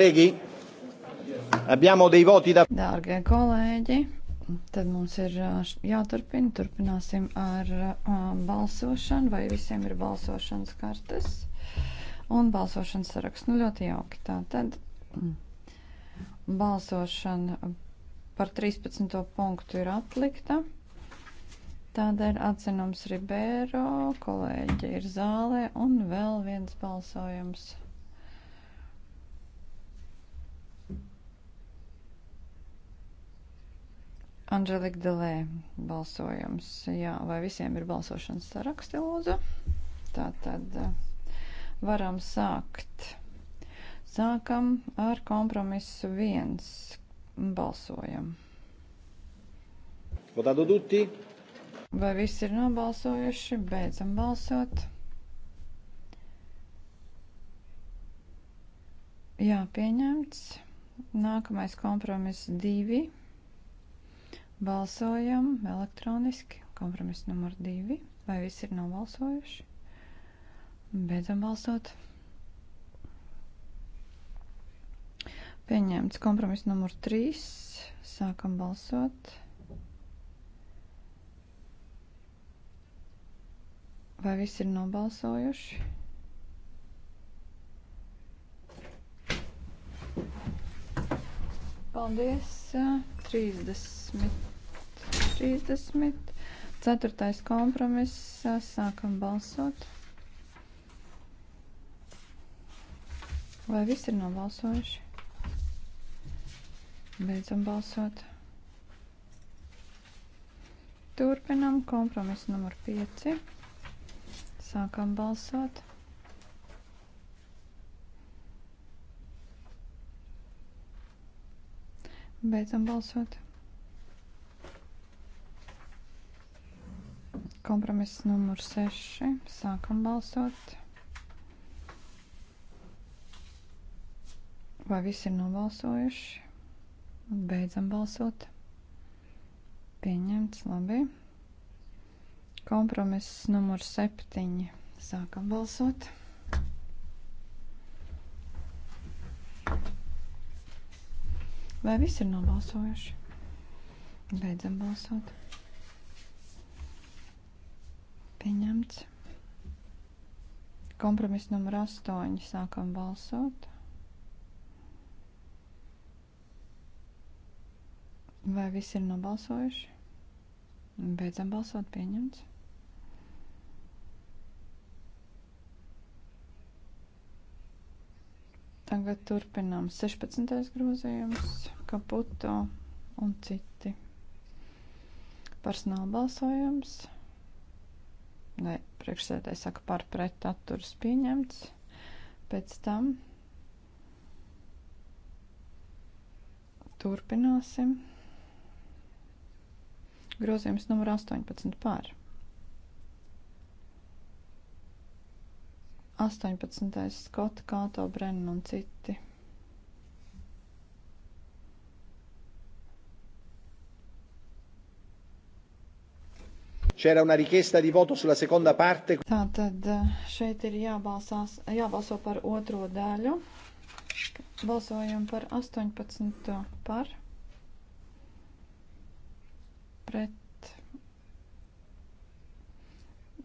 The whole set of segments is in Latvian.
Kolēģi, abbiamo dei voti da. Dārgie kolēģi, tad mums ir uh, jāturpina. Turpināsim ar um, balsošanu, vai visiem ir balsošanas kartes un balsošanas saraksts. Nu, ļoti jauki. Tā tad mm, balsošana par 13. punktu ir atlikta. Tādēļ atzinums Ribēro, kolēģi ir zālē un vēl viens balsojums. Anželika Delē balsojums. Jā, vai visiem ir balsošanas saraksti, lūdzu? Tā tad eh, varam sākt. Sākam ar kompromisu viens. Balsojam. Votato tutti? Vai visi ir nobalsojuši? Beidzam balsot. Jā, pieņemts. Nākamais kompromiss divi. Balsojam elektroniski. Kompromiss numur divi. Vai visi ir nobalsojuši? Beidzam balsot. Pieņemts kompromiss numur trīs. Sākam balsot. Vai visi ir nobalsojuši? Paldies! 30. 30. Ceturtais kompromiss. Sākam balsot. Vai viss ir nobalsojuši? Beidzam balsot. Turpinam kompromisu numur 5. Sākam balsot. Beidzam balsot. Kompromiss numur 6. Sākam balsot. Vai visi ir nobalsojuši? Beidzam balsot. Pieņemts, labi. Kompromiss numur 7. Sākam balsot. Vai visi ir nobalsojuši? Beidzam balsot. Pieņemts. Kompromiss numur 8. Sākam balsot. Vai visi ir nobalsojuši? Beidzam balsot. Pieņemts. Tagad turpinām 16. grozījums, kaputo un citi. Personāla balsojums. Nē, priekšsēdētāji saka par pret atturas pieņemts. Pēc tam turpināsim. Grozījums numur 18 pār. 18. Skota, Kāto, Brennan un citi. C'era una richiesta di voto sulla seconda parte. Tātad eh, šeit ir jābalsās, jābalso par otro daļu. Balsojam par 18. par. Pret.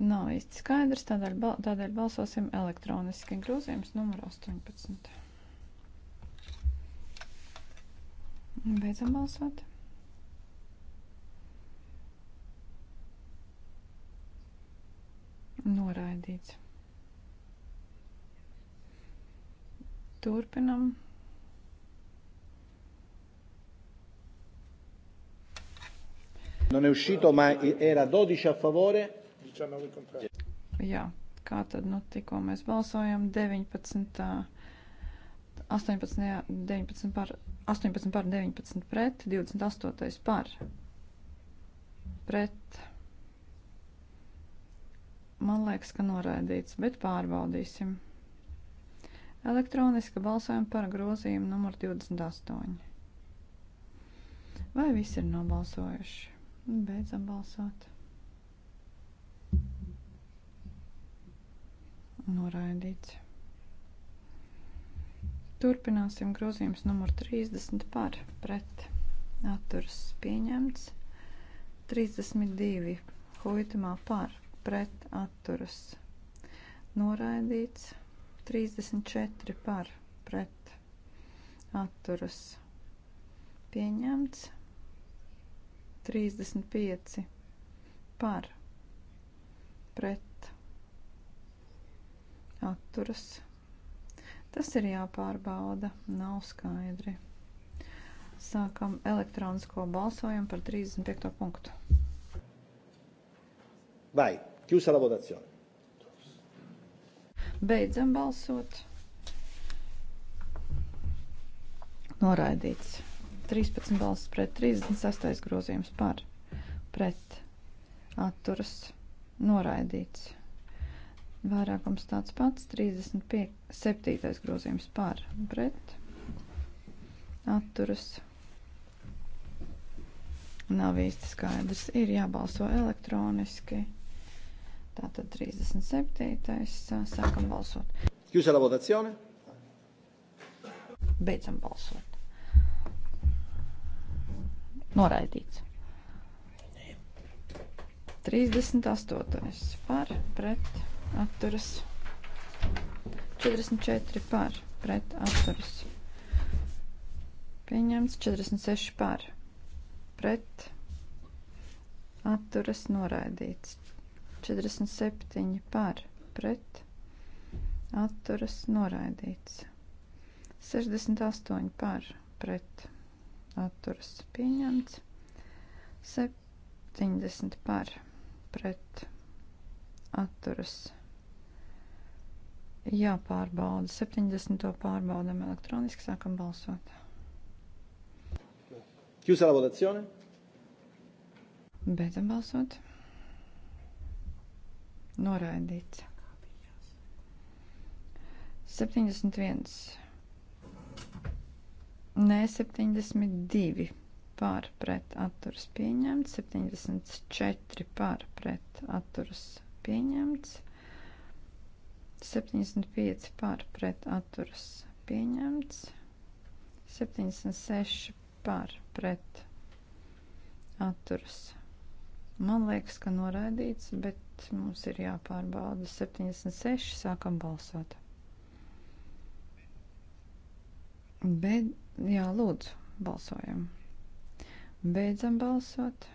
Nav īsti skaidrs, tādēļ, tādēļ balsosim elektroniski. Grūzījums numur 18. Beidzam balsot. Noraidīts. Turpinam. Non è uscito, ma era 12 a favore. 19 contrari. Jā, kā tad nu tikko mēs balsojam 19. 18, 19 par, 18 par 19 pret, 28 par pret Man liekas, ka noraidīts, bet pārbaudīsim. Elektroniska balsojuma par grozījumu numur 28. Vai visi ir nobalsojuši? Beidzam balsot. Noraidīts. Turpināsim grozījums numur 30 par pret atturs pieņemts. 32 huitumā par pret atturas noraidīts. 34 par pret atturas pieņemts. 35 par pret atturas. Tas ir jāpārbauda, nav skaidri. Sākam elektronisko balsojumu par 35. punktu. Vai Chiusa la votazione. Beidzam balsot. Noraidīts. 13 balsis pret 36 grozījums par pret atturas noraidīts. Vairākums tāds pats 37 grozījums par pret atturas. Nav īsti skaidrs. Ir jābalso elektroniski. Tātad 37. sākam balsot. Jūs la votazione? Beidzam balsot. Noraidīts. 38. par, pret, atturas. 44 par, pret, atturas. Pieņemts 46 par, pret, atturas, noraidīts. 47 par pret atturas noraidīts. 68 par pret atturas pieņemts. 70 par pret atturas jāpārbauda. 70. pārbaudam elektroniski, sākam balsot. Chiusa la votazione. Beidzam balsot. Noraidīts. 71. Nē, 72 par pret atturas pieņemts, 74 par pret atturas pieņemts, 75 par pret atturas pieņemts, 76 par pret atturas pieņemts. Man liekas, ka noraidīts, bet Mums ir jāpārbauda 76. Sākam balsot. Beid, jā, lūdzu, balsojam. Beidzam balsot.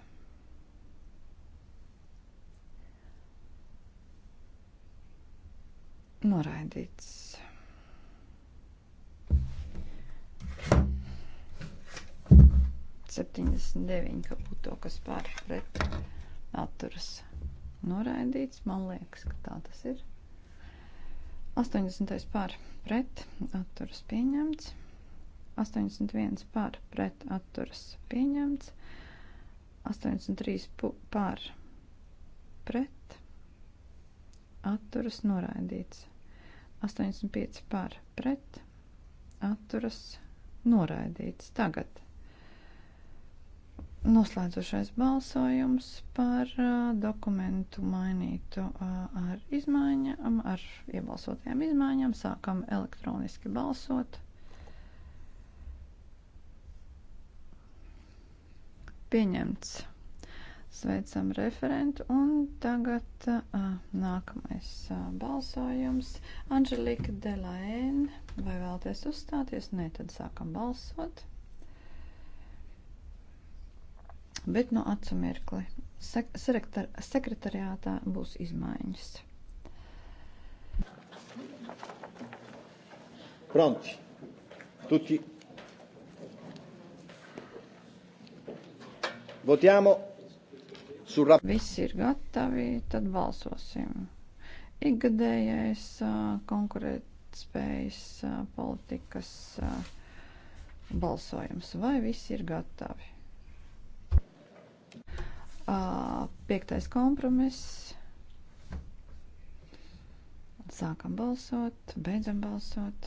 Noraidīts. Septiņdesmit deviņi, ka būtu to, kas pārpret atturas noraidīts. Man liekas, ka tā tas ir. 80. par pret atturas pieņemts. 81 par pret atturas pieņemts. 83 par pret atturas noraidīts. 85 par pret atturas noraidīts. Tagad Noslēdzošais balsojums par uh, dokumentu mainītu uh, ar izmaiņām, ar iebalsotajām izmaiņām. Sākam elektroniski balsot. Pieņemts. Sveicam referentu un tagad uh, nākamais uh, balsojums. Anželika Delaēna, vai vēlties uzstāties? Nē, tad sākam balsot. Bet no nu, atsamirkli sek sekretar sekretariātā būs izmaiņas. Pronti. Tutti. Votiamo sul rap. Visi ir gatavi, tad balsosim. Ikgadējais konkurētspējas politikas balsojums. Vai visi ir gatavi? Piektais kompromiss. Sākam balsot, beidzam balsot.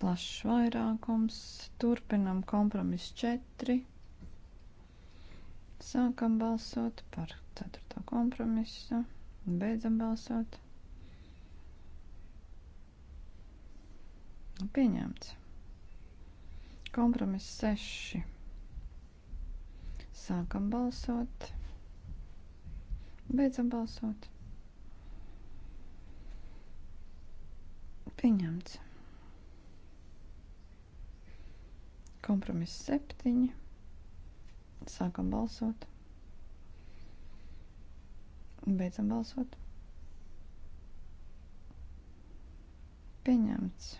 Plašs vairākums. Turpinam kompromiss 4. Sākam balsot par 4. kompromisu. Beidzam balsot. Nu, pieņemts. Kompromiss 6. Sākam balsot. Beidzam balsot. Pieņemts. Kompromiss 7. Sākam balsot. Beidzam balsot. Pieņemts.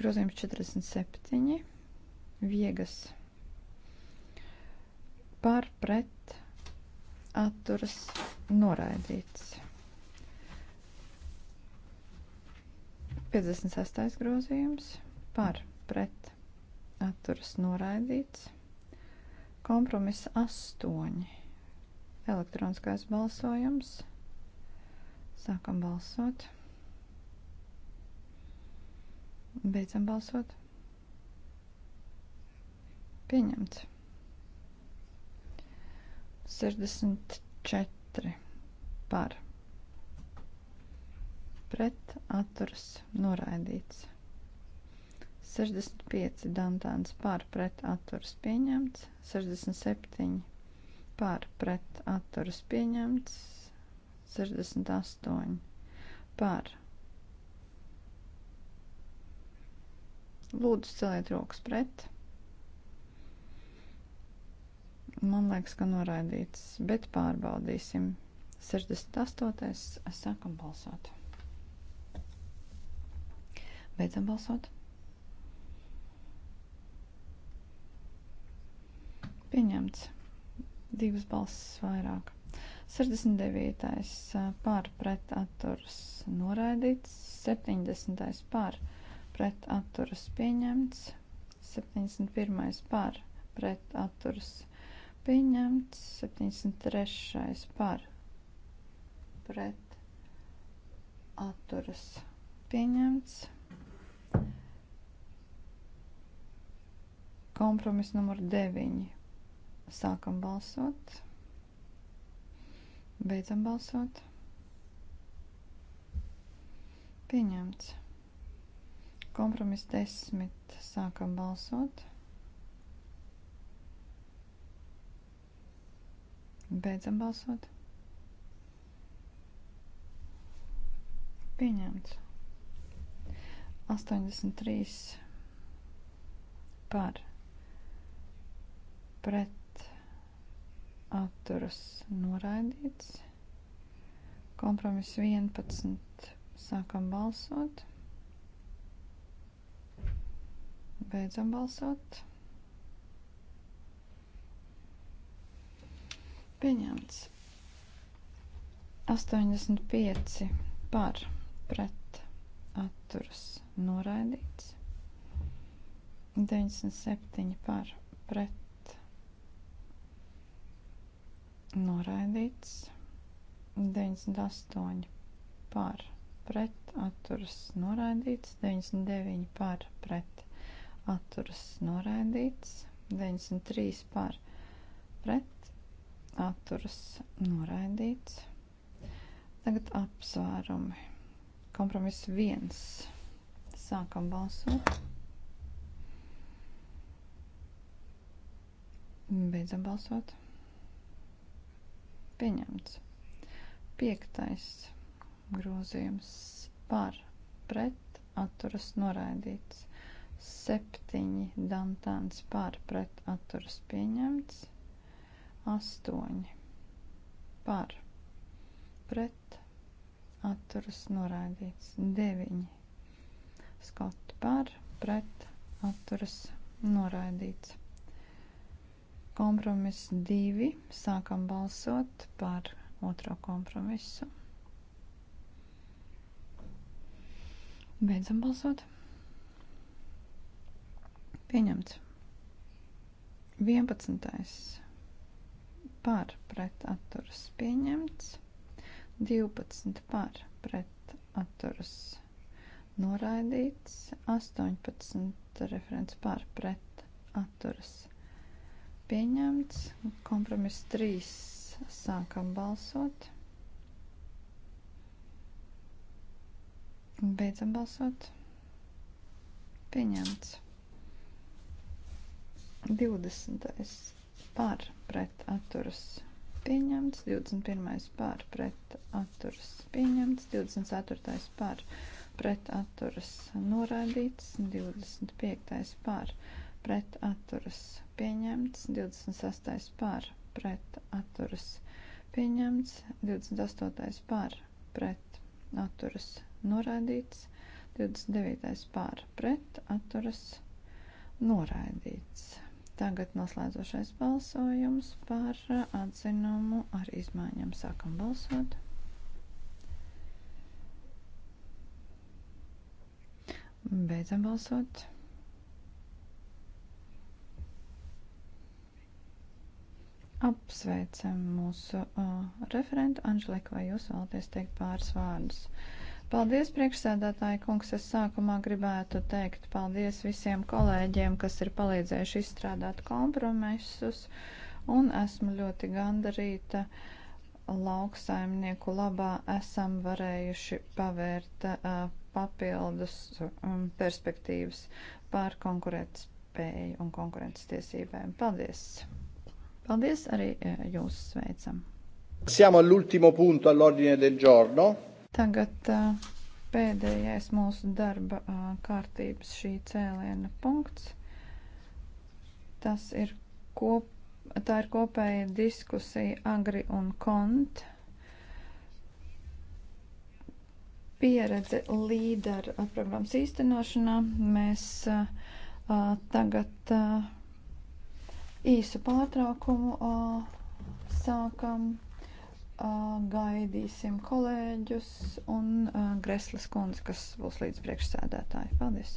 Grozījums 47. Viegas par pret atturas noraidīts. 56. grozījums par pret atturas noraidīts. Kompromiss 8. Elektroniskais balsojums. Sākam balsot. Beidzam balsot. Pieņemts. 64 par. Pret atturas noraidīts. 65 Dantāns par pret atturas pieņemts. 67 par pret atturas pieņemts. 68 par Lūdzu, celiet rokas pret. Man liekas, ka noraidīts, bet pārbaudīsim. 68. sākam balsot. Beidzam balsot. Pieņemts. Divas balsis vairāk. 69. pār pret atturs noraidīts. 70. pār pret atturs noraidīts pret atturas pieņemts. 71. par pret atturas pieņemts. 73. par pret atturas pieņemts. Kompromis numur 9. Sākam balsot. Beidzam balsot. Pieņemts. Kompromiss desmit. Sākam balsot. Beidzam balsot. Pieņemts. 83 par pret atturas noraidīts. Kompromiss 11. Sākam balsot. Beidzam balsot. Pieņemts. 85 par pret atturas noraidīts. 97 par pret noraidīts. 98 par pret atturas noraidīts. 99 par pret atturas noraidīts, 93 par pret atturas noraidīts. Tagad apsvērumi. Kompromiss 1. Sākam balsot. Beidzam balsot. Pieņemts. Piektais grozījums par pret atturas noraidīts. Septiņi dantāns pār pret atturas pieņemts. Astoņi pār pret atturas noraidīts. Deviņi skoti pār pret atturas noraidīts. Kompromiss divi. Sākam balsot par otro kompromisu. Beidzam balsot. Pieņemts. 11. par pret atturas pieņemts. 12. par pret atturas noraidīts. 18. referents par pret atturas pieņemts. Kompromiss 3. sākam balsot. Beidzam balsot. Pieņemts. 20. par pret atturas pieņemts, 21. par pret atturas pieņemts, 24. par pret atturas noraidīts, 25. par pret atturas pieņemts, 26. par pret atturas pieņemts, 28. par pret atturas noraidīts, 29. par pret atturas noraidīts. Tagad noslēdzošais balsojums par uh, atzinumu ar izmaiņām. Sākam balsot. Beidzam balsot. Apsveicam mūsu uh, referentu. Anželika, vai jūs vēlaties teikt pāris vārdus? Uh, Paldies, priekšsēdētāji kungs. Es sākumā gribētu teikt paldies visiem kolēģiem, kas ir palīdzējuši izstrādāt kompromisus, un esmu ļoti gandarīta lauksaimnieku labā esam varējuši pavērt uh, papildus um, perspektīvas pār konkurētspēju un konkurences tiesībēm. Paldies! Paldies arī uh, jūs sveicam! Siamo all'ultimo punto all'ordine del giorno. Tagad uh, pēdējais mūsu darba uh, kārtības šī cēliena punkts. Tas ir kop, tā ir kopēja diskusija Agri un Kont. Pieredze līderu programmas īstenošanā. Mēs uh, tagad uh, īsu pārtraukumu uh, sākam gaidīsim kolēģus un Greslas kundzi, kas būs līdz priekšsēdētāji. Paldies!